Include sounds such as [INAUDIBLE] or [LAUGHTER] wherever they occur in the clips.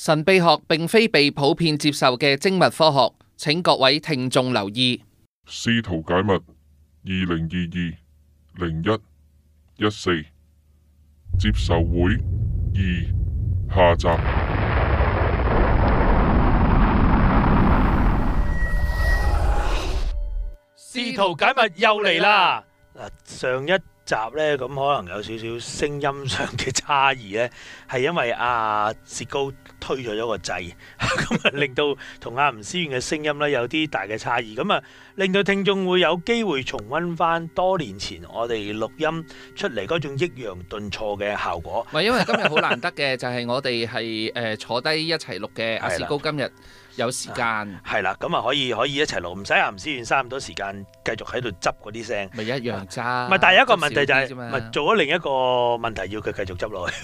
神秘學並非被普遍接受嘅精密科學，請各位聽眾留意。司徒解密二零二二零一一四接受會二下集。司徒解密又嚟啦！上一集呢，咁可能有少少聲音上嘅差異呢，係因為阿、啊、薛高推咗咗個掣，咁 [LAUGHS] 啊令到同阿吳思遠嘅聲音呢有啲大嘅差異，咁啊令到聽眾會有機會重溫翻多年前我哋錄音出嚟嗰種抑揚頓挫嘅效果。唔 [LAUGHS] 因為今日好難得嘅就係、是、我哋係誒坐低一齊錄嘅阿薛高今日。有時間係啦，咁啊可以可以一齊錄，唔使阿吳思遠嘥咁多時間繼續喺度執嗰啲聲，咪一樣啫。咪但係有一個問題就係，咪做咗另一個問題，要佢繼續執落去。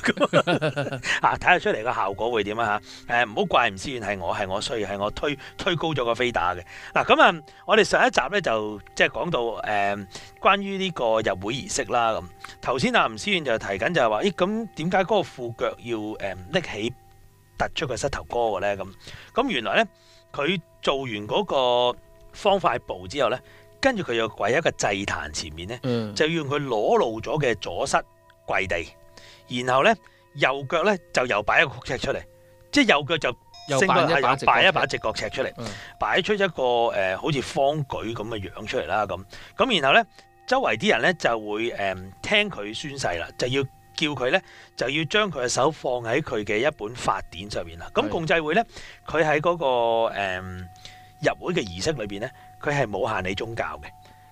啊，睇下出嚟個效果會點啊嚇？誒唔好怪吳思遠，係我係我衰係我推推高咗個飛打嘅。嗱咁啊，我哋上一集咧就即係講到誒關於呢個入會儀式啦。咁頭先阿吳思遠就提緊就係話，咦咁點解嗰個褲腳要誒拎起？突出個膝頭哥嘅咧咁，咁原來咧佢做完嗰個方塊步之後咧，跟住佢要跪喺個祭壇前面咧，嗯、就要用佢裸露咗嘅左膝跪地，然後咧右腳咧就又擺一個曲尺出嚟，即係右腳就又擺一把直角尺出嚟，擺出一個誒好似方舉咁嘅樣出嚟啦咁，咁、嗯、然後咧周圍啲人咧就會誒、嗯、聽佢宣誓啦，就要。叫佢咧就要將佢嘅手放喺佢嘅一本法典上、那個嗯、面啦。咁共濟會咧，佢喺嗰個入會嘅儀式裏邊咧，佢係冇限你宗教嘅。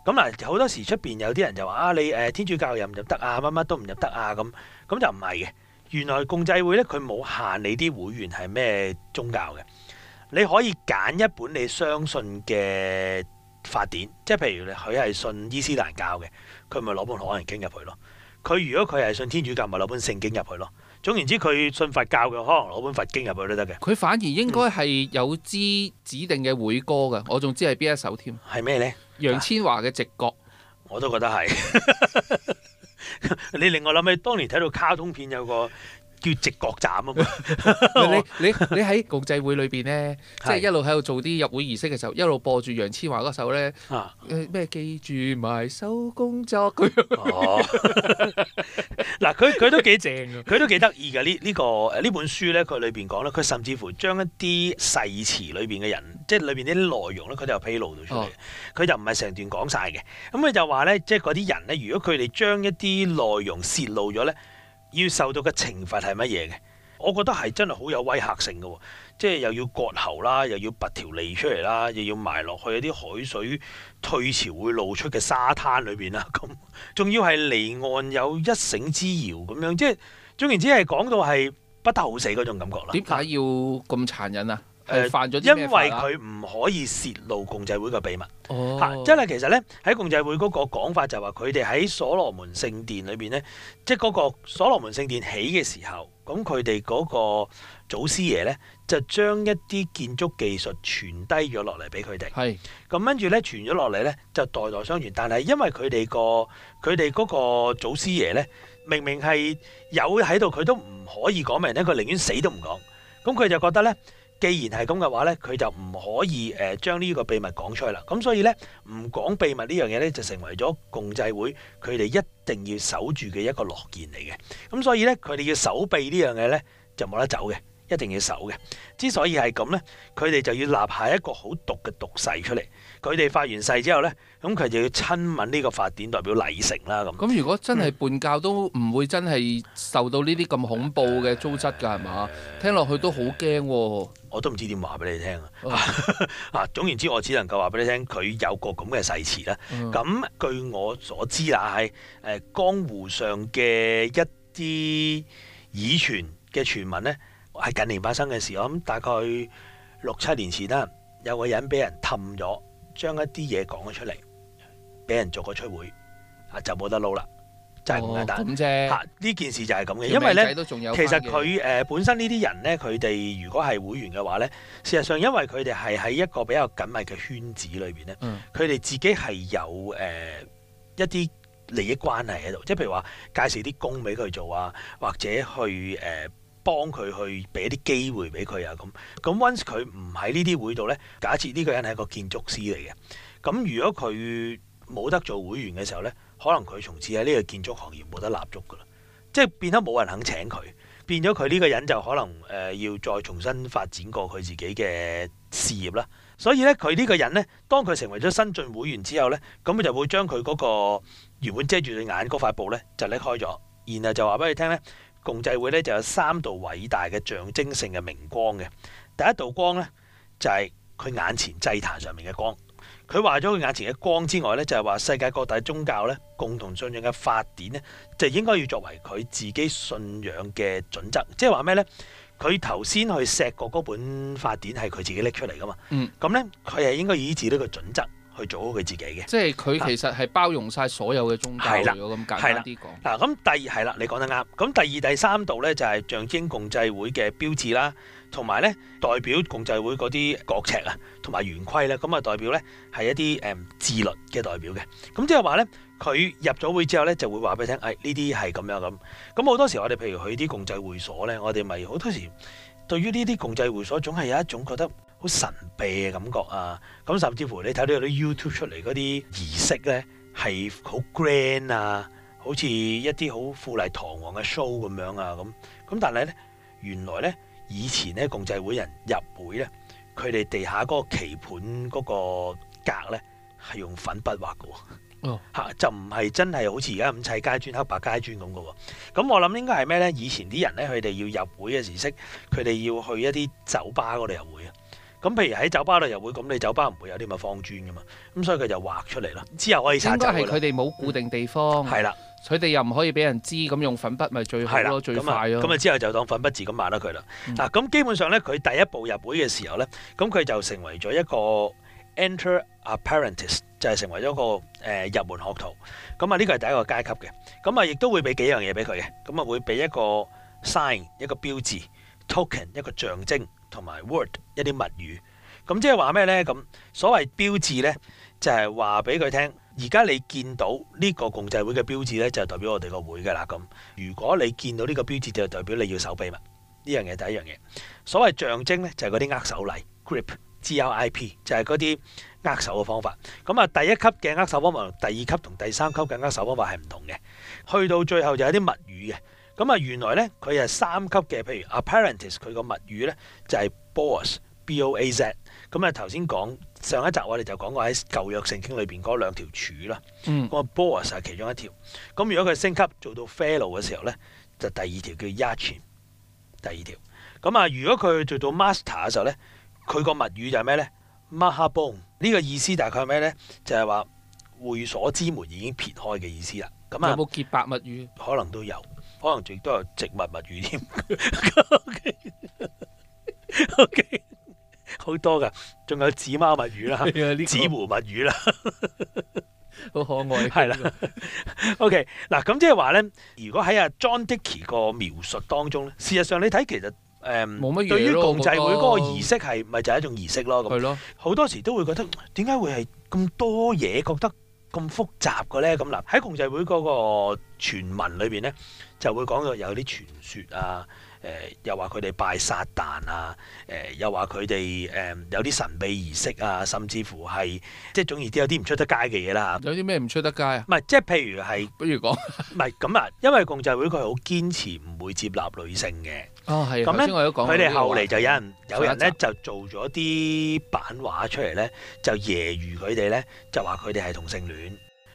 咁嗱，好多時出邊有啲人就話啊，你誒、呃、天主教又入唔入得啊？乜乜都唔入得啊？咁咁就唔係嘅。原來共濟會咧，佢冇限你啲會員係咩宗教嘅。你可以揀一本你相信嘅法典，即係譬如佢係信伊斯蘭教嘅，佢咪攞本《可蘭經》入去咯。佢如果佢係信天主教，咪攞本聖經入去咯。總言之，佢信佛教嘅，可能攞本佛經入去都得嘅。佢反而應該係有支指定嘅會歌嘅，我仲知係邊一首添？係咩呢？楊千嬅嘅直覺、啊，我都覺得係。 [LAUGHS] 你令我諗起當年睇到卡通片有個。叫直覺站啊嘛！ [LAUGHS] 你你你喺共濟會裏邊咧，即係一路喺度做啲入會儀式嘅時候，一路播住楊千嬅嗰首咧，誒咩、啊呃、記住埋手工作咁嗱，佢佢、哦、 [LAUGHS] [LAUGHS] 都幾正佢 [LAUGHS] 都幾得意嘅，呢呢個呢本書咧，佢裏邊講咧，佢甚至乎將一啲誓詞裏邊嘅人，即係裏邊啲內容咧，佢都有披露到出嚟。佢、哦、就唔係成段講晒嘅，咁佢就話咧，即係嗰啲人咧，如果佢哋將一啲內容泄露咗咧。要受到嘅懲罰係乜嘢嘅？我覺得係真係好有威嚇性嘅，即係又要割喉啦，又要拔條脷出嚟啦，又要埋落去啲海水退潮會露出嘅沙灘裏邊啦，咁仲要係離岸有一繩之遙咁樣，即係總言之係講到係不得好死嗰種感覺啦。點解要咁殘忍啊？因為佢唔可以泄露共濟會嘅秘密嚇，即係、oh. 其實呢，喺共濟會嗰個講法就話佢哋喺所羅門聖殿裏邊呢，即係嗰個所羅門聖殿起嘅時候，咁佢哋嗰個祖師爺呢，就將一啲建築技術傳低咗落嚟俾佢哋係咁，跟住呢，傳咗落嚟呢，就代代相傳，但係因為佢哋、嗰個佢哋嗰個祖師爺呢，明明係有喺度，佢都唔可以講明呢，佢寧願死都唔講，咁佢就覺得呢。既然係咁嘅話呢，佢就唔可以誒將呢個秘密講出去啦。咁所以呢，唔講秘密呢樣嘢呢，就成為咗共濟會，佢哋一定要守住嘅一個諾言嚟嘅。咁所以呢，佢哋要守秘呢樣嘢呢，就冇得走嘅。一定要守嘅。之所以係咁呢，佢哋就要立下一個好毒嘅毒誓出嚟。佢哋發完誓之後呢，咁佢就要親吻呢個法典，代表禮成啦。咁咁、嗯，如果真係叛教都唔會真係受到呢啲咁恐怖嘅糟質㗎，係嘛唉？吧聽落去都好驚喎。我都唔知點話俾你聽啊。嗱唉， [LAUGHS] 總言之，我只能夠話俾你聽，佢有個咁嘅誓詞啦。咁唉據我所知啦，喺江湖上嘅一啲以傳嘅傳聞呢。係近年發生嘅事，我諗大概六七年前啦，有個人俾人氹咗，將一啲嘢講咗出嚟，俾人做個出會，啊就冇得撈啦，真係咁簡單。嚇呢、哦啊、件事就係咁嘅，命因為咧，都有其實佢誒、呃、本身呢啲人咧，佢哋如果係會員嘅話咧，事實上因為佢哋係喺一個比較緊密嘅圈子裏邊咧，佢哋、嗯、自己係有誒、呃、一啲利益關係喺度，即係譬如話介紹啲工俾佢做啊，或者去誒。呃幫佢去俾一啲機會俾佢啊！咁咁，once 佢唔喺呢啲會度呢，假設呢個人係一個建築師嚟嘅，咁如果佢冇得做會員嘅時候呢，可能佢從此喺呢個建築行業冇得立足噶啦，即係變得冇人肯請佢，變咗佢呢個人就可能誒、呃、要再重新發展過佢自己嘅事業啦。所以呢，佢呢個人呢，當佢成為咗新晉會員之後呢，咁佢就會將佢嗰個原本遮住眼嗰塊布呢，就搦開咗，然後就話俾你聽呢。共濟會咧就有三道偉大嘅象徵性嘅明光嘅，第一道光呢，就係佢眼前祭壇上面嘅光。佢話咗佢眼前嘅光之外呢，就係話世界各大宗教呢，共同信仰嘅法典呢，就應該要作為佢自己信仰嘅準則。即係話咩呢？佢頭先去錫過嗰本法典係佢自己拎出嚟噶嘛？嗯，咁咧佢係應該以至呢個準則。去做好佢自己嘅，即係佢其實係包容晒所有嘅宗教，冇咁簡單啲講。嗱咁第二係啦，你講得啱。咁第二第三度咧就係象徵共濟會嘅標誌啦，同埋咧代表共濟會嗰啲角尺啊，同埋圓規咧，咁啊代表咧係一啲誒自律嘅代表嘅。咁即係話咧，佢入咗會之後咧，就會話俾你聽，誒呢啲係咁樣咁。咁好多時我哋譬如去啲共濟會所咧，我哋咪好多時對於呢啲共濟會所總係有一種覺得，好神秘嘅感覺啊！咁甚至乎你睇到有啲 YouTube 出嚟嗰啲儀式咧，係好 grand 啊，好似一啲好富麗堂皇嘅 show 咁樣啊，咁咁但係咧，原來咧以前咧共濟會人入會咧，佢哋地下嗰個棋盤嗰個格咧係用粉筆畫嘅，嚇、哦、 [LAUGHS] 就唔係真係好似而家咁砌階磚、黑白階磚咁嘅。咁、嗯、我諗應該係咩咧？以前啲人咧佢哋要入會嘅儀式，佢哋要去一啲酒吧嗰度入會啊。咁譬如喺酒吧度入會，咁你酒吧唔會有啲咪方磚噶嘛，咁所以佢就畫出嚟啦。之後我哋查真佢。佢哋冇固定地方。係啦、嗯，佢哋又唔可以俾人知，咁用粉筆咪最好咯，最快咯。咁啊之後就當粉筆字咁畫啦佢啦。嗱，咁、嗯、基本上咧，佢第一步入會嘅時候咧，咁佢就成為咗一個 Entered Apprentice 就係成為咗個誒、呃、入門學徒。咁啊呢個係第一個階級嘅。咁啊亦都會俾幾樣嘢俾佢嘅。咁啊會俾一個 sign 一個標誌。Token 一個象徵同埋 Word 一啲密語，咁即係話咩呢？咁所謂標誌呢，就係話俾佢聽，而家你見到呢個共濟會嘅標誌呢，就代表我哋個會㗎喇。咁如果你見到呢個標誌，就代表你要守秘密嘛。呢樣嘢，第一樣嘢，所謂象徵呢，就係嗰啲握手禮 grip，g r i p，就係嗰啲握手嘅方法。咁啊，第一級嘅握手方法，第二級同第三級嘅握手方法係唔同嘅。去到最後就有啲密語嘅。咁啊，原來咧佢係三級嘅，譬如 a p p a r e n t i s 佢個物語咧就係 b, os, b o s s b o a z。咁啊，頭先講上一集我哋就講過喺舊約聖經裏邊嗰兩條柱啦。嗯。咁啊 b o s s 係其中一條。咁如果佢升級做到 fellow 嘅時候咧，就第二條叫 a r c h i 第二條。咁啊，如果佢做到 master 嘅時候咧，佢個物語就係咩咧 m a s t r b o n e 呢 ong，個意思大概係咩咧？就係、是、話會所之門已經撇開嘅意思啦。咁啊。有冇潔白物語？可能都有。可能仲都有植物物語添 [LAUGHS] ，OK [LAUGHS] 好多噶，仲有子貓物語啦， [LAUGHS] 子狐物語啦，好可愛。係啦，OK 嗱咁即係話咧，如果喺阿 John Dickie 個描述當中咧，事實上你睇其實誒，呃、對於共濟會嗰個儀式係咪就係一種儀式咯？係咯的，好多時都會覺得點解會係咁多嘢覺得？咁複雜嘅咧，咁嗱喺共濟會嗰個傳聞裏邊咧，就會講到有啲傳說啊。誒又話佢哋拜撒旦啊！誒又話佢哋誒有啲神秘儀式啊，甚至乎係即係總言之有啲唔出得街嘅嘢啦。有啲咩唔出得街啊？唔係即係譬如係，不如講唔係咁啊？因為共濟會佢好堅持唔會接納女性嘅。啊係、哦，頭先我都講佢哋後嚟就有人有人咧就做咗啲版畫出嚟咧，就揶揄佢哋咧，就話佢哋係同性戀。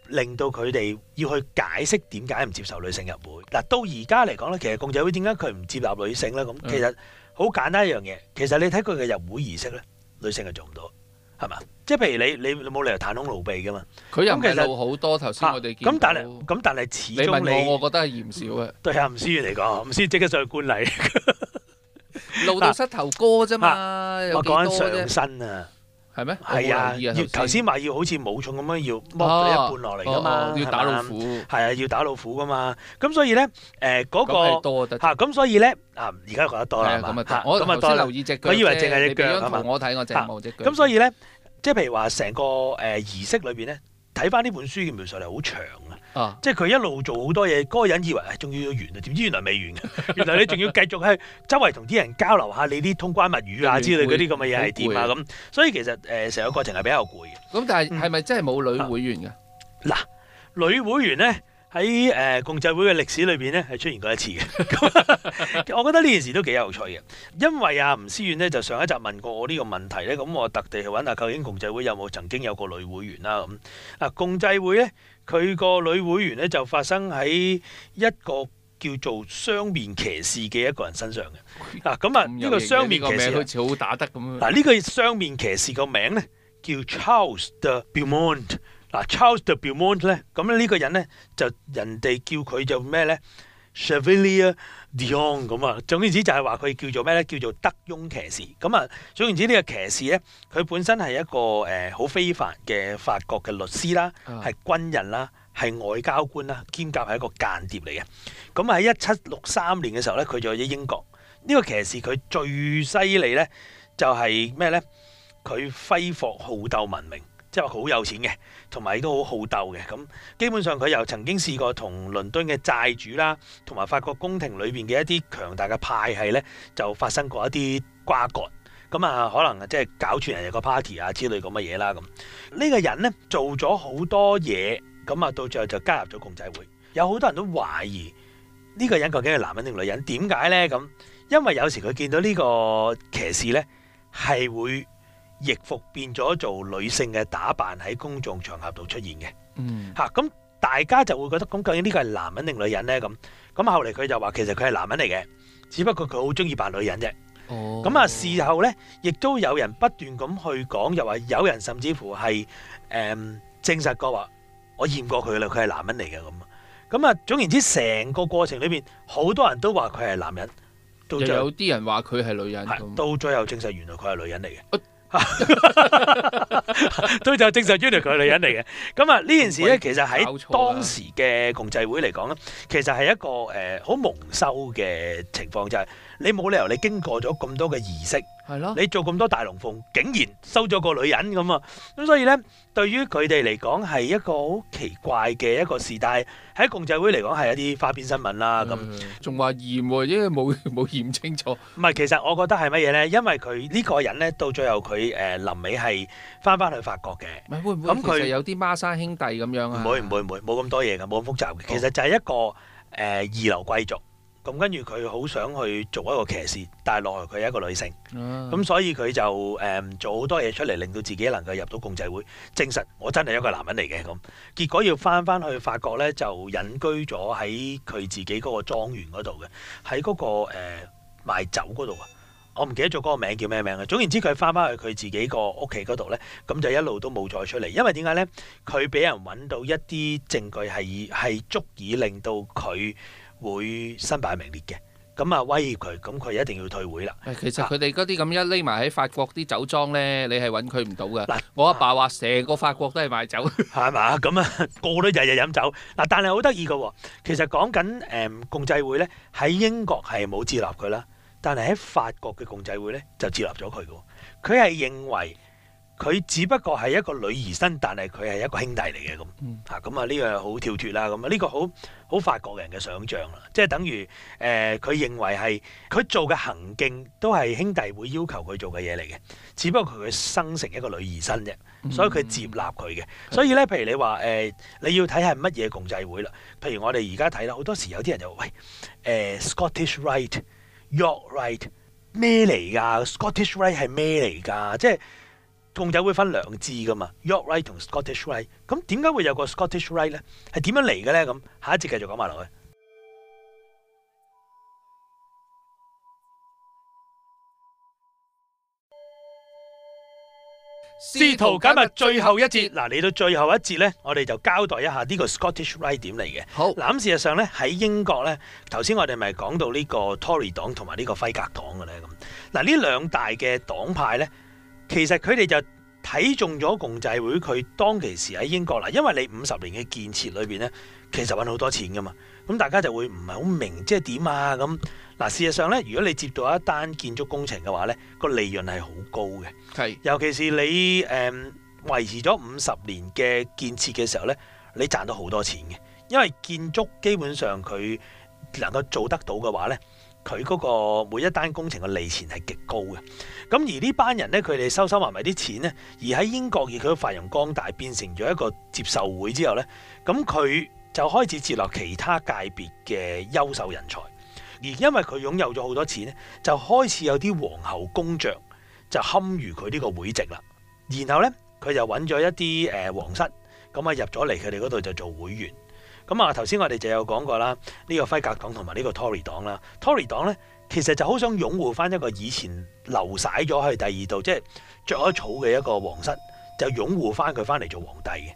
令到佢哋要去解釋點解唔接受女性入會嗱，到而家嚟講咧，其實共濟會點解佢唔接納女性咧？咁其實好簡單一樣嘢，其實你睇佢嘅入會儀式咧，女性係做唔到，係嘛？即係譬如你你冇理由袒胸露背噶嘛？佢又唔係露好多頭先我哋見咁、啊，但係咁但係始終你問我，我覺得係嫌少啊！對阿吳思遠嚟講，吳思遠即刻上去觀禮， [LAUGHS] 露到膝頭哥啫嘛？我講緊上身啊！係咩？係啊，要頭先話要好似武松咁樣要剝咗一半落嚟噶嘛，要打老虎。係啊，啊，要打老虎噶、嗯、嘛。咁、嗯、所以咧，誒、呃、嗰、那個嚇，咁、啊嗯、所以咧啊，而家講得多係嘛？我咁啊多、啊、留意只我以為淨係隻腳，腳啊。我睇我淨隻腳。咁所以咧，即係譬如話成個誒儀式裏邊咧，睇翻呢本書嘅描述嚟好長啊。啊、即係佢一路做好多嘢，嗰個人以為仲要要完啊，點知原來未完，原來你仲要繼續喺周圍同啲人交流下，你啲通關密語啊之類嗰啲咁嘅嘢係點啊咁，所以其實誒成、呃、個過程係比較攰嘅。咁、哦、但係係咪真係冇女會員噶？嗱、啊，女會員咧喺誒共濟會嘅歷史裏邊咧係出現過一次嘅。 [LAUGHS] [LAUGHS] 我覺得呢件事都幾有趣嘅，因為阿、啊、吳思遠咧就上一集問過我呢個問題咧，咁、嗯、我特地去搵下究竟共濟會有冇曾經有個女會員啦咁啊，共濟會咧。佢個女會員咧就發生喺一個叫做雙面騎士嘅一個人身上嘅。嗱咁啊，呢、啊、個雙面騎士個名好似好打得咁。嗱呢、啊這個雙面騎士個名咧叫 Char de、啊、Charles de Beaumont。嗱 Charles de Beaumont 咧，咁、這、呢個人咧就人哋叫佢就咩咧？Chevalier d'Éon 咁啊，g，總言之就係話佢叫做咩咧？叫做德庸騎士咁啊。總言之呢個騎士咧，佢本身係一個誒好、呃、非凡嘅法國嘅律師啦，係軍人啦，係外交官啦，兼夾係一個間諜嚟嘅。咁喺一七六三年嘅時候咧，佢就喺英國呢、呢個騎士佢最犀利咧就係咩咧？佢揮霍好鬥聞名。因為好有錢嘅，同埋亦都好好鬥嘅，咁基本上佢又曾經試過同倫敦嘅債主啦，同埋法國宮廷裏邊嘅一啲強大嘅派系呢，就發生過一啲瓜葛，咁、嗯、啊可能即係搞串人哋個 party 啊之類咁乜嘢啦咁。呢、嗯呢個人呢，做咗好多嘢，咁、嗯、啊到最後就加入咗共濟會。有好多人都懷疑呢、呢個人究竟係男人定女人？點解呢？咁、嗯、因為有時佢見到呢個騎士呢，係會。易服變咗做女性嘅打扮喺公眾場合度出現嘅，嚇咁、嗯啊、大家就會覺得咁究竟呢個係男人定女人咧？咁咁後嚟佢就話其實佢係男人嚟嘅，只不過佢好中意扮女人啫。咁、哦、啊，事後咧亦都有人不斷咁去講，又話有人甚至乎係誒、呃、證實過話我驗過佢啦，佢係男人嚟嘅咁啊。咁啊，總言之，成個過程裏邊好多人都話佢係男人，到又有啲人話佢係女人，嗯，到最後證實原來佢係女人嚟嘅。 [LAUGHS] 對，就證實原來佢女人嚟嘅。咁啊呢件事咧，其實喺當時嘅共濟會嚟講咧，其實係一個誒好蒙羞嘅情況，就係你冇理由你經過咗咁多嘅儀式。係咯，你做咁多大龍鳳，竟然收咗個女人咁啊！咁所以咧，對於佢哋嚟講係一個好奇怪嘅一個時代，喺共濟會嚟講係一啲花邊新聞啦。咁仲話嫌，因為冇冇嫌清楚。唔係，其實我覺得係乜嘢咧？因為佢呢個人咧，到最後佢誒臨尾係翻翻去法國嘅。會唔會？其實佢有啲孖生兄弟咁樣啊？唔會唔會唔會，冇咁多嘢嘅，冇咁複雜嘅。其實就係一個誒二流貴族。咁跟住佢好想去做一個騎士，但係落嚟佢係一個女性，咁、嗯嗯、所以佢就誒、嗯、做好多嘢出嚟，令到自己能夠入到共濟會，證實我真係一個男人嚟嘅。咁、嗯、結果要翻翻去法國咧，就隱居咗喺佢自己嗰個莊園嗰度嘅，喺嗰、嗰個誒、呃、賣酒嗰度啊，我唔記得咗嗰個名叫咩名啊。總言之，佢翻翻去佢自己個屋企嗰度咧，咁就一路都冇再出嚟，因為點解咧？佢俾人揾到一啲證據係係足以令到佢會身敗名裂嘅，咁啊威脅佢，咁佢一定要退會啦。其實佢哋嗰啲咁一匿埋喺法國啲酒莊咧，你係揾佢唔到噶。嗱，我阿爸話成個法國都係賣酒是是，係嘛？咁啊，個個都日日飲酒。嗱，但係好得意嘅喎，其實講緊誒共濟會咧，喺英國係冇接納佢啦，但係喺法國嘅共濟會咧就接納咗佢嘅。佢係認為。佢只不過係一個女兒身，但係佢係一個兄弟嚟嘅咁嚇咁啊！呢個好跳脱啦，咁啊呢個好好法國人嘅想像啦，即係等於誒佢、呃、認為係佢做嘅行徑都係兄弟會要求佢做嘅嘢嚟嘅，只不過佢佢生成一個女兒身啫，所以佢接納佢嘅。嗯嗯嗯、所以咧，譬如你話誒、呃，你要睇係乜嘢共濟會啦？譬如我哋而家睇啦，好多時有啲人就喂誒、呃、Scottish Right、York Right 咩嚟㗎？Scottish Right 係咩嚟㗎？即係。共濟會分兩支噶嘛 York Right 同 Scottish Right。咁點解會有個 Scottish Right 咧？係點樣嚟嘅咧？咁下一節繼續講埋落去。司徒解密最後一節，嗱嚟好到最後一節咧，我哋就交代一下呢個 Scottish Right 點嚟嘅。好，咁事實上咧喺英國咧，頭先我哋咪講到呢個 Tory 黨同埋呢個輝格黨嘅咧咁。嗱呢兩大嘅黨派咧。其實佢哋就睇中咗共濟會，佢當其時喺英國啦，因為你五十年嘅建設裏邊咧，其實搵好多錢㗎嘛。咁大家就會唔係好明，啊，即係點啊咁。嗱，事實上咧，如果你接到一單建築工程嘅話咧，個利潤係好高嘅。係是，尤其是你誒、呃、維持咗五十年嘅建設嘅時候咧，你賺到好多錢嘅，因為建築基本上佢能夠做得到嘅話咧，佢嗰個每一單工程嘅利錢係極高嘅。咁而呢班人呢，佢哋收收埋埋啲錢呢。而喺英國而佢都發揚光大，變成咗一個接受會之後呢，咁佢就開始接納其他界別嘅優秀人才，而因為佢擁有咗好多錢呢，就開始有啲皇后公爵就堪如佢呢個會籍啦。然後呢，佢就揾咗一啲誒皇室，咁啊入咗嚟佢哋嗰度就做會員。咁啊頭先我哋就有講過啦，呢個輝格黨同埋呢個 Tory 黨啦，Tory 黨呢。其實就好想擁護翻一個以前流晒咗去第二度，即係着咗草嘅一個皇室，就擁護翻佢翻嚟做皇帝嘅。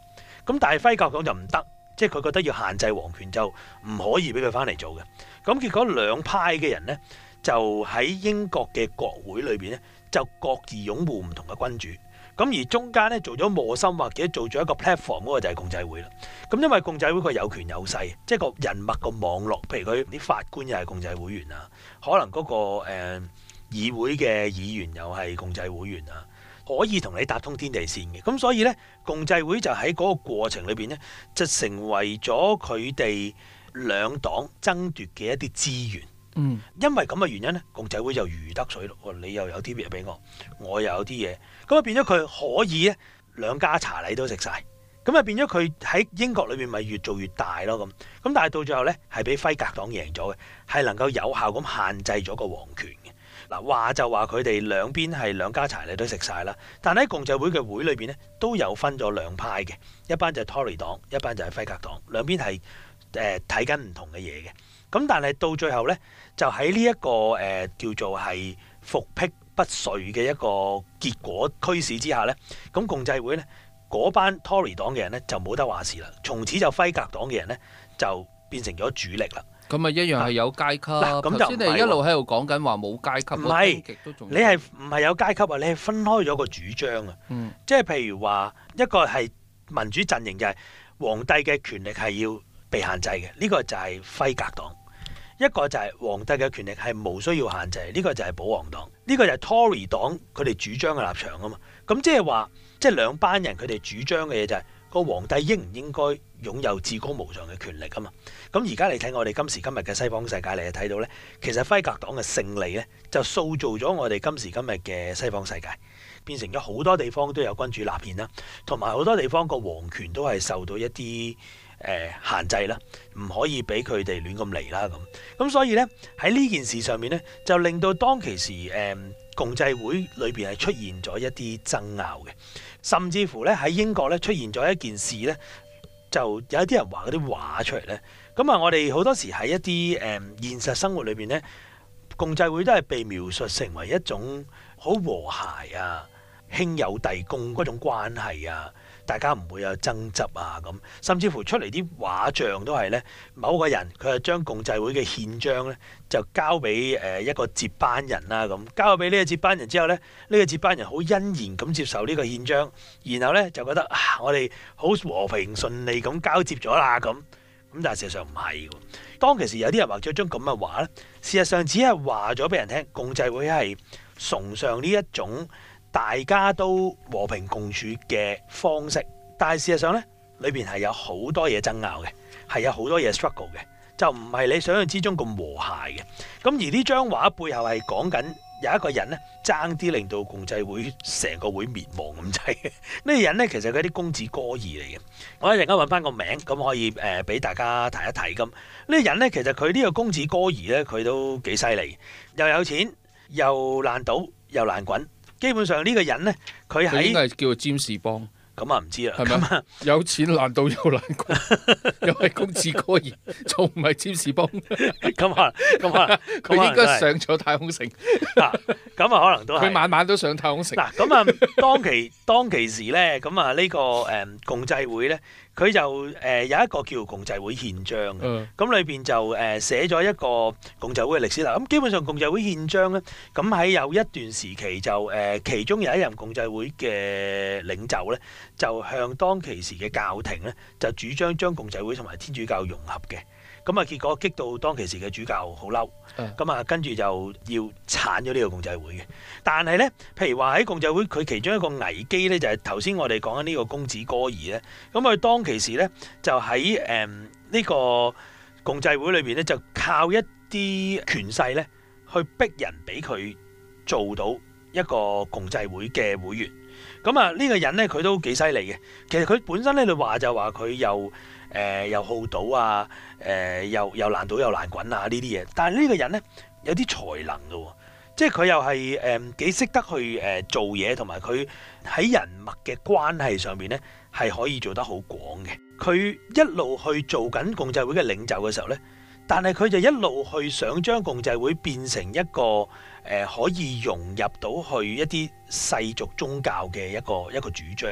咁但係輝格黨就唔得，即係佢覺得要限制皇權，就唔可以俾佢翻嚟做嘅。咁結果兩派嘅人呢，就喺英國嘅國會裏邊呢，就各自擁護唔同嘅君主。咁而中間呢，做咗磨心或者做咗一個 platform 嗰個就係共濟會啦。咁因為共濟會佢有權有勢，即係個人脈個網絡，譬如佢啲法官又係共濟會員啊。可能嗰、那個誒、uh, 議會嘅議員又係共濟會員啊，可以同你搭通天地線嘅，咁所以呢，共濟會就喺嗰個過程裏邊呢，就成為咗佢哋兩黨爭奪嘅一啲資源。嗯，因為咁嘅原因呢，共濟會就如魚得水咯。你又有啲嘢俾我，我又有啲嘢，咁啊變咗佢可以咧，兩家茶禮都食晒。咁啊變咗佢喺英國裏面咪越做越大咯咁，咁但係到最後呢，係俾輝格黨贏咗嘅，係能夠有效咁限制咗個皇權嘅。嗱，話就話佢哋兩邊係兩家柴你都食晒啦，但喺共濟會嘅會裏邊呢，都有分咗兩派嘅，一班就係 Tory 黨，一班就係輝格黨，兩邊係誒睇緊唔同嘅嘢嘅。咁但係到最後呢，就喺呢一個誒、呃、叫做係復辟不遂嘅一個結果驅使之下呢，咁共濟會呢。嗰班 Tory 黨嘅人咧就冇得話事啦，從此就輝格黨嘅人咧就變成咗主力啦。咁啊一樣係有階級，咁先、啊、你一路喺度講緊話冇階級。唔係是說，你係唔係有階級啊？你係分開咗個主張啊。嗯、即係譬如話一個係民主陣營就係皇帝嘅權力係要被限制嘅，呢個就係輝格黨。一個就係皇帝嘅權力係無需要限制，呢個就係保皇黨，呢個就係 Tory 黨佢哋主張嘅立場啊嘛。咁即係話，即係兩班人佢哋主張嘅嘢就係個皇帝應唔應該擁有至高無上嘅權力啊嘛。咁而家你睇我哋今時今日嘅西方世界，你就睇到咧，其實輝格黨嘅勝利咧，就塑造咗我哋今時今日嘅西方世界，變成咗好多地方都有君主立憲啦，同埋好多地方個皇權都係受到一啲誒、呃、限制啦，唔可以俾佢哋亂咁嚟啦咁，咁所以呢，喺呢件事上面呢，就令到當其時誒、呃、共濟會裏邊係出現咗一啲爭拗嘅，甚至乎呢，喺英國呢，出現咗一件事呢，就有一啲人畫嗰啲畫出嚟呢。咁啊我哋好多時喺一啲誒、呃、現實生活裏邊呢，共濟會都係被描述成為一種好和諧啊，兄友弟恭嗰種關係啊，大家唔會有爭執啊，咁甚至乎出嚟啲畫像都係呢，某個人佢係將共濟會嘅憲章呢就交俾誒一個接班人啦，咁交俾呢個接班人之後呢，呢、呢個接班人好欣然咁接受呢個憲章，然後呢就覺得啊，我哋好和平順利咁交接咗啦，咁咁但係事實上唔係喎。當其時有啲人畫咗張咁嘅畫呢，事實上只係話咗俾人聽，共濟會係崇尚呢一種。大家都和平共處嘅方式，但係事實上呢，裏邊係有好多嘢爭拗嘅，係有好多嘢 struggle 嘅，就唔係你想象之中咁和諧嘅。咁而呢張畫背後係講緊有一個人呢，爭啲令到共濟會成個會滅亡咁滯。呢 [LAUGHS] 個人呢，其實佢係啲公子哥兒嚟嘅，我一陣間揾翻個名，咁可以誒俾、呃、大家睇一睇。咁呢個人呢，其實佢呢個公子哥兒呢，佢都幾犀利，又有錢，又爛賭，又爛滾。基本上呢個人咧，佢係應該係叫做占士邦，咁啊唔知啦，係咪 [LAUGHS] 有錢難到有難過， [LAUGHS] 又係公子哥兒，仲唔係占士邦？咁啊，咁啊，佢應該上咗太空城，嗱 [LAUGHS] 啊，咁啊可能都係。佢晚晚都上太空城。嗱、 [LAUGHS] 啊，咁啊，當其當其時咧，咁啊呢、呢個誒、嗯、共濟會咧。佢就誒、呃、有一個叫共濟會憲章嘅，咁裏邊就誒、呃、寫咗一個共濟會嘅歷史啦。咁基本上共濟會憲章咧，咁喺有一段時期就誒、呃、其中有一任共濟會嘅領袖咧，就向當其時嘅教廷咧，就主張將共濟會同埋天主教融合嘅。咁啊，結果激到當其時嘅主教好嬲，咁啊、嗯，跟住就要剷咗呢個共濟會嘅。但係呢，譬如話喺共濟會，佢其中一個危機呢，就係頭先我哋講緊呢個公子哥兒呢。咁佢當其時呢，就喺誒呢個共濟會裏邊呢，就靠一啲權勢呢去逼人俾佢做到一個共濟會嘅會員。咁啊，呢個人呢，佢都幾犀利嘅。其實佢本身呢，你話就話佢又。誒、呃、又好賭啊！誒、呃、又又難賭又難滾啊！呢啲嘢，但係呢個人呢，有啲才能嘅，即係佢又係誒、呃、幾識得去誒做嘢，同埋佢喺人脈嘅關係上面呢，係可以做得好廣嘅。佢一路去做緊共濟會嘅領袖嘅時候呢，但係佢就一路去想將共濟會變成一個誒、呃、可以融入到去一啲世俗宗教嘅一個一個主張。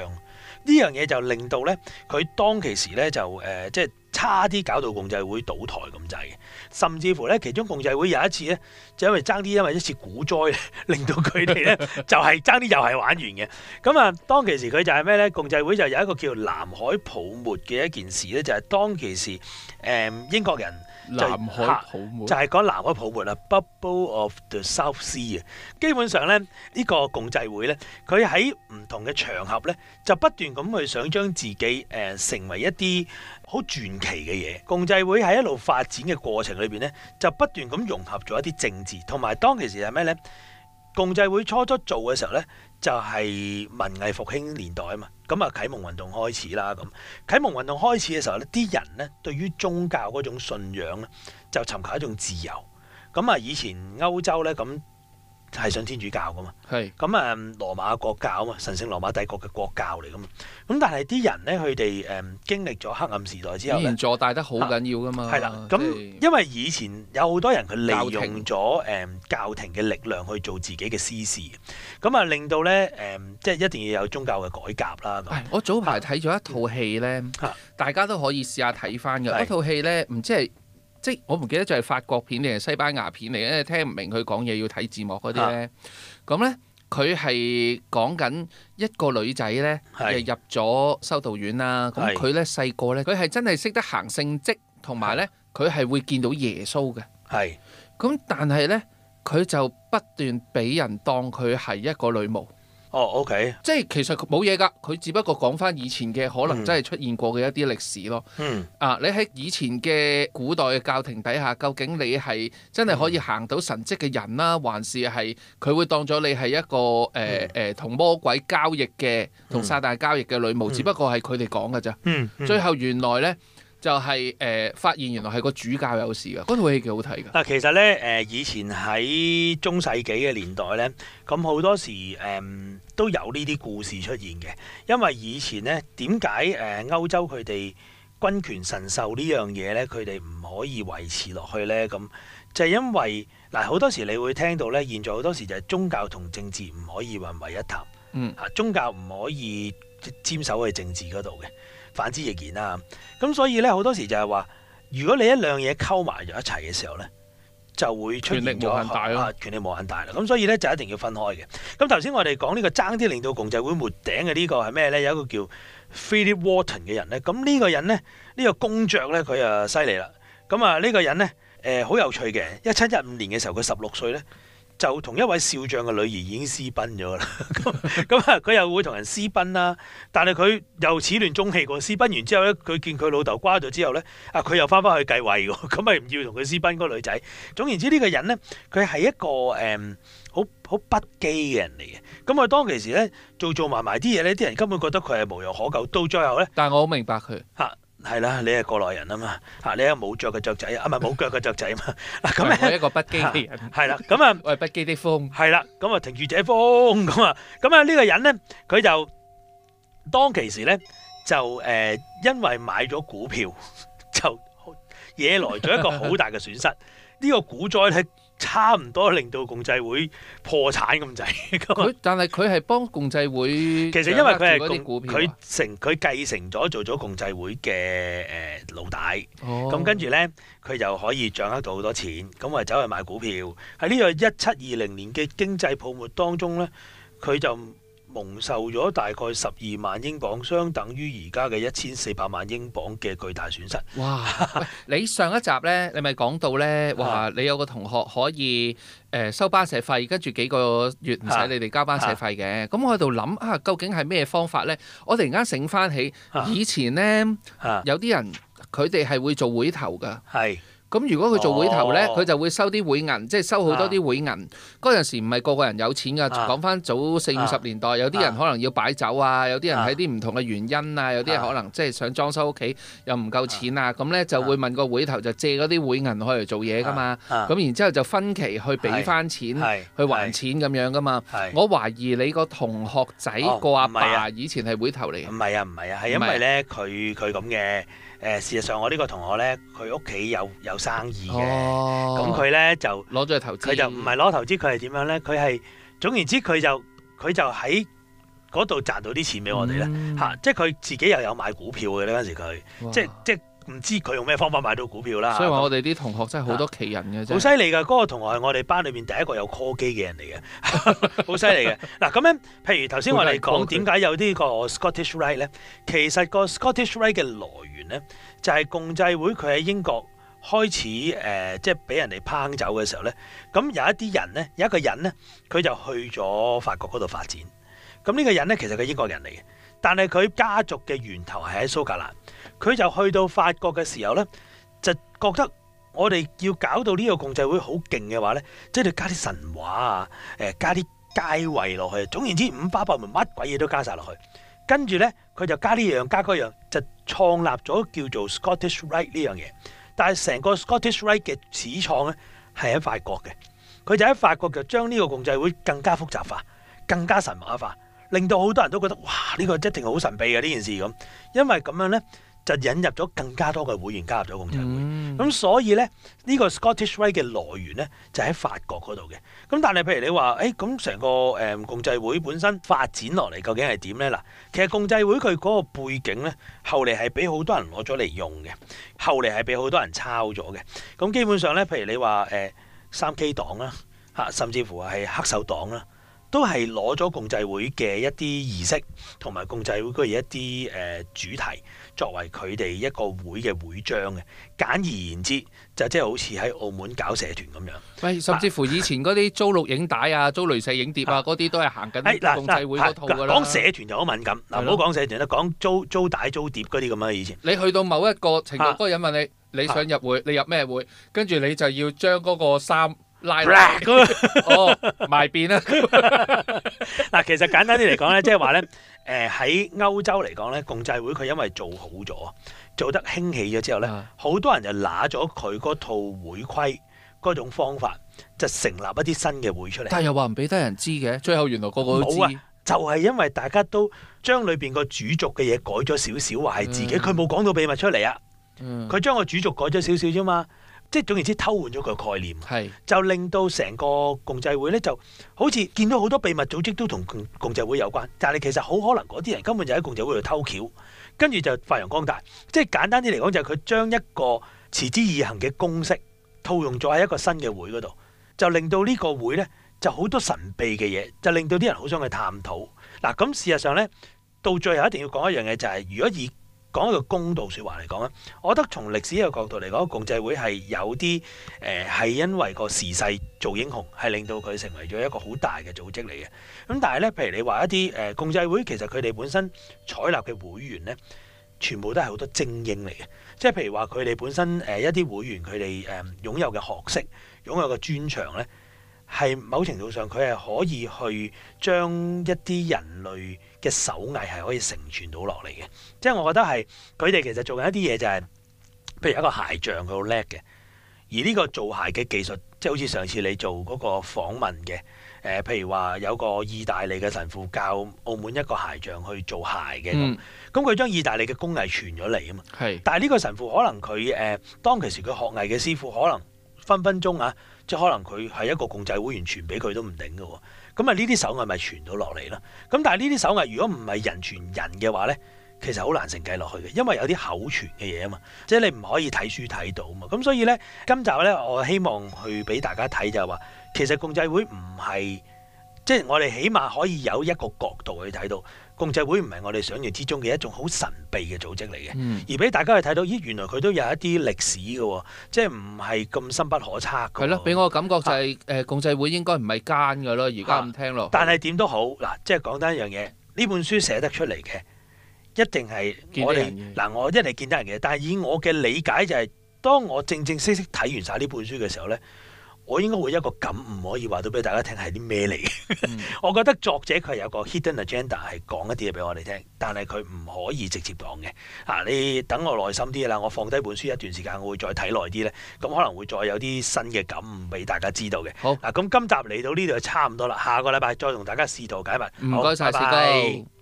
呢樣嘢就令到咧，佢當其時咧就誒、呃，即係差啲搞到共濟會倒台咁滯嘅，甚至乎咧，其中共濟會有一次咧，就因為爭啲因為一次股災令到佢哋咧， [LAUGHS] 就係爭啲又係玩完嘅。咁啊，當其時佢就係咩咧？共濟會就有一個叫南海泡沫嘅一件事咧，就係、是、當其時誒、呃、英國人。南海泡沫就係講南海泡沫啦，Bubble of the South Sea 啊。基本上咧，呢、呢個共濟會咧，佢喺唔同嘅場合咧，就不斷咁去想將自己誒、呃、成為一啲好傳奇嘅嘢。共濟會喺一路發展嘅過程裏邊咧，就不斷咁融合咗一啲政治，同埋當其時係咩咧？共濟會初初做嘅時候咧。就係文藝復興年代啊嘛，咁啊啟蒙運動開始啦咁，啟蒙運動開始嘅時候呢啲人呢，對於宗教嗰種信仰呢，就尋求一種自由，咁啊以前歐洲呢，咁。就係上天主教噶嘛，咁啊是、嗯、羅馬國教啊嘛，神聖羅馬帝國嘅國教嚟噶嘛，咁但係啲人咧佢哋誒經歷咗黑暗時代之後咧，以前坐大得好緊要噶嘛，係啦、啊，咁、就是、因為以前有好多人佢利用咗誒教廷嘅力量去做自己嘅私事，咁啊令到咧誒即係一定要有宗教嘅改革啦、啊。我早排睇咗一套戲咧，啊啊、大家都可以試下睇翻嘅，是一套戲咧唔知係。即我唔記得就係法國片定係西班牙片嚟嘅，聽唔明佢講嘢要睇字幕嗰啲咧。咁咧佢係講緊一個女仔咧，係是入咗修道院啦。咁佢咧細個咧，佢係是真係識得行聖跡，同埋咧佢係會見到耶穌嘅。係是。咁、嗯、但係咧，佢就不斷俾人當佢係一個女巫。哦、oh、OK，即係其實冇嘢噶，佢只不過講返以前嘅可能真係出現過嘅一啲歷史咯。嗯嗯、啊，你喺以前嘅古代嘅教廷底下，究竟你係真係可以行到神蹟嘅人啦、啊，還是係佢會當咗你係一個誒誒同魔鬼交易嘅、同撒旦交易嘅女巫？只不過係佢哋講㗎咋。嗯嗯嗯、最後原來呢。就係、是、誒、呃、發現原來係個主教有事噶，嗰套戲幾好睇噶。嗱，其實咧誒、呃、以前喺中世紀嘅年代咧，咁、嗯、好多時誒、嗯、都有呢啲故事出現嘅。因為以前咧點解誒歐洲佢哋君權神授呢樣嘢咧，佢哋唔可以維持落去咧？咁就係因為嗱好、呃、多時你會聽到咧，現在好多時就係宗教同政治唔可以混為一談，嗯、啊、宗教唔可以沾手去政治嗰度嘅。反之亦然啦，咁所以咧好多時就係話，如果你一樣嘢溝埋咗一齊嘅時候咧，就會出現咗啊，權力無限大咯。咁所以咧就一定要分開嘅。咁頭先我哋講呢個爭啲令到共濟會沒頂嘅呢個係咩咧？有一個叫 Philip Wharton 嘅人咧，咁呢個人咧呢、呢個公爵咧佢啊犀利啦。咁啊呢個人咧誒好有趣嘅，一七一五年嘅時候佢十六歲咧。就同一位少將嘅女兒已經私奔咗啦，咁 [LAUGHS] 啊佢又會同人私奔啦，但係佢又始亂終棄過，私奔完之後咧，佢見佢老豆瓜咗之後咧，啊佢又翻返去繼位喎，咁咪唔要同佢私奔嗰個女仔。總言之呢個人咧，佢係一個誒好好不羈嘅人嚟嘅。咁啊當其時咧做做埋埋啲嘢咧，啲人根本覺得佢係無藥可救。到最後咧，但係我好明白佢嚇。係啦，你係過來人啊嘛，吓，你係冇腳嘅雀仔啊，唔係冇腳嘅雀仔啊嘛，咁係一個不羈嘅人，係啦，咁啊，我係不羈的風，係、嗯、啦，咁啊、嗯，停住者風，咁啊，咁啊呢個人咧，佢就當其時咧就誒，因為買咗股票，就惹來咗一個好大嘅損失，呢個股災咧。差唔多令到共濟會破產咁滯。佢，但係佢係幫共濟會。其實因為佢係佢，成佢繼承咗做咗共濟會嘅誒、呃、老大，咁、哦、跟住呢，佢就可以掌握到好多錢，咁我走去買股票。喺呢個一七二零年嘅經濟泡沫當中呢，佢就，蒙受咗大概十二萬英鎊，相等於而家嘅一千四百萬英鎊嘅巨大損失。 [LAUGHS] 哇！你上一集呢，你咪講到呢？話，你有個同學可以誒、呃、收班社費，跟住幾個月唔使你哋交班社費嘅。咁 [LAUGHS] 我喺度諗啊，究竟係咩方法呢？我突然間醒翻起以前呢， [LAUGHS] 有啲人佢哋係會做會頭㗎。係。 [LAUGHS] 咁如果佢做會頭呢，佢就會收啲會銀，即係收好多啲會銀。嗰陣時唔係個個人有錢噶，講返早四五十年代，有啲人可能要擺酒啊，有啲人喺啲唔同嘅原因啊，有啲可能即係想裝修屋企又唔夠錢啊，咁呢，就會問個會頭就借嗰啲會銀去嚟做嘢噶嘛。咁然之後就分期去俾返錢去還錢咁樣噶嘛。我懷疑你個同學仔個阿爸以前係會頭嚟。唔係啊，唔係啊，係因為呢，佢佢咁嘅。誒，事實上我呢個同學咧，佢屋企有有生意嘅，咁佢咧就攞咗去投資，佢就唔係攞投資，佢係點樣咧？佢係總言之，佢就佢就喺嗰度賺到啲錢俾我哋咧，嚇、嗯啊！即係佢自己又有，有買股票嘅呢。嗰時佢即哇即。即唔知佢用咩方法買到股票啦，所以話我哋啲同學真係好多奇人嘅，好犀利㗎！嗰、那個同學係我哋班裏面第一個有 call 機嘅人嚟嘅，好犀利嘅。嗱咁樣，譬如頭先我哋講點解有個、right、呢個 Scottish right 咧，其實個 Scottish right 嘅來源咧，就係、是、共濟會佢喺英國開始誒，即係俾人哋抨走嘅時候咧，咁有一啲人咧，有一個人咧，佢就去咗法國嗰度發展。咁呢個人咧，其實佢英國人嚟嘅，但係佢家族嘅源頭係喺蘇格蘭。佢就去到法國嘅時候呢，就覺得我哋要搞到呢個共濟會好勁嘅話呢，即係加啲神話啊，誒，加啲階位落去，總言之五花八門乜鬼嘢都加晒落去。跟住呢，佢就加呢樣加嗰樣，就創立咗叫做 Scottish Right 呢樣嘢。但係成個 Scottish Right 嘅始創呢，係喺法國嘅，佢就喺法國就將呢個共濟會更加複雜化、更加神話化，令到好多人都覺得哇，呢個一定好神秘嘅呢件事咁。因為咁樣呢，就引入咗更加多嘅會員加入咗共濟會，咁、嗯、所以咧呢、這個 Scottish Way、Right、嘅來源咧就喺、是、法國嗰度嘅。咁但係譬如你話，誒咁成個誒、呃、共濟會本身發展落嚟究竟係點咧？嗱，其實共濟會佢嗰個背景咧，後嚟係俾好多人攞咗嚟用嘅，後嚟係俾好多人抄咗嘅。咁基本上咧，譬如你話誒三 K 黨啦，嚇、啊、甚至乎係黑手黨啦、啊，都係攞咗共濟會嘅一啲儀式同埋共濟會嗰啲一啲誒主題。作為佢哋一個會嘅會章嘅，簡而言之就即係好似喺澳門搞社團咁樣。喂，甚至乎以前嗰啲租錄影帶啊、租雷射影碟啊嗰啲都係行緊共濟會嗰套㗎啦。講社團就好敏感，嗱唔好講社團啦，講租租帶、租碟嗰啲咁啊。以前你去到某一個程度，嗰個、啊、人問你：你想入會？你入咩會？跟住你就要將嗰個衫拉嗰哦賣變啦。嗱，其實簡單啲嚟講咧，即係話咧。 [LAUGHS] 誒喺、呃、歐洲嚟講咧，共濟會佢因為做好咗，做得興起咗之後咧，好多人就拿咗佢嗰套會規嗰種方法，就成立一啲新嘅會出嚟。但係又話唔俾得人知嘅，最後原來個個都知、啊。就係、是、因為大家都將裏邊個主軸嘅嘢改咗少少，話係自己佢冇講到秘密出嚟啊。佢將個主軸改咗少少啫嘛。即係總言之，偷換咗個概念，是就令到成個共濟會咧，就好似見到好多秘密組織都同共共濟會有關，但係其實好可能嗰啲人根本就喺共濟會度偷竅，跟住就發揚光大。即係簡單啲嚟講，就係、是、佢將一個持之以恒嘅公式套用咗喺一個新嘅會嗰度，就令到呢個會咧就好多神秘嘅嘢，就令到啲人好想去探討。嗱，咁事實上咧，到最後一定要講一樣嘢，就係、是、如果以講一個公道說話嚟講咧，我覺得從歷史嘅角度嚟講，共濟會係有啲誒係因為個時勢做英雄，係令到佢成為咗一個好大嘅組織嚟嘅。咁但係咧，譬如你話一啲誒、呃、共濟會，其實佢哋本身採納嘅會員咧，全部都係好多精英嚟嘅。即係譬如話佢哋本身誒、呃、一啲會員，佢哋誒擁有嘅學識、擁有嘅專長咧。係某程度上，佢係可以去將一啲人類嘅手藝係可以承傳到落嚟嘅。即係我覺得係佢哋其實做緊一啲嘢就係，譬如一個鞋匠佢好叻嘅，而呢個做鞋嘅技術，即係好似上次你做嗰個訪問嘅，誒，譬如話有個意大利嘅神父教澳門一個鞋匠去做鞋嘅，咁佢將意大利嘅工藝傳咗嚟啊嘛。但係呢個神父可能佢誒、呃、當其時佢學藝嘅師傅可能分分鐘啊。即係可能佢係一個共濟會員傳俾佢都唔定嘅喎，咁啊呢啲手藝咪傳到落嚟咯。咁但係呢啲手藝如果唔係人傳人嘅話咧，其實好難承繼落去嘅，因為有啲口傳嘅嘢啊嘛，即係你唔可以睇書睇到啊嘛。咁所以咧，今集咧我希望去俾大家睇就係話，其實共濟會唔係即係我哋起碼可以有一個角度去睇到。共濟會唔係我哋想象之中嘅一種好神秘嘅組織嚟嘅，嗯、而俾大家去睇到，咦，原來佢都有一啲歷史嘅，即係唔係咁深不可測。係咯，俾我感覺就係、是，誒、啊呃，共濟會應該唔係奸嘅咯，而家咁聽咯、啊。但係點都好，嗱，即係講單一樣嘢，呢本書寫得出嚟嘅，一定係我哋嗱，我一嚟見得人嘅，但係以我嘅理解就係、是，當我正正式式睇完晒呢本書嘅時候咧。我應該會一個感悟可以話到俾大家聽係啲咩嚟？我覺得作者佢係有個 hidden agenda 係講一啲嘢俾我哋聽，但係佢唔可以直接講嘅。啊，你等我耐心啲啦，我放低本書一段時間，我會再睇耐啲咧。咁可能會再有啲新嘅感悟俾大家知道嘅。好，嗱，啊，咁今集嚟到呢度就差唔多啦。下個禮拜再同大家試圖解密。唔該晒，謝謝，拜拜。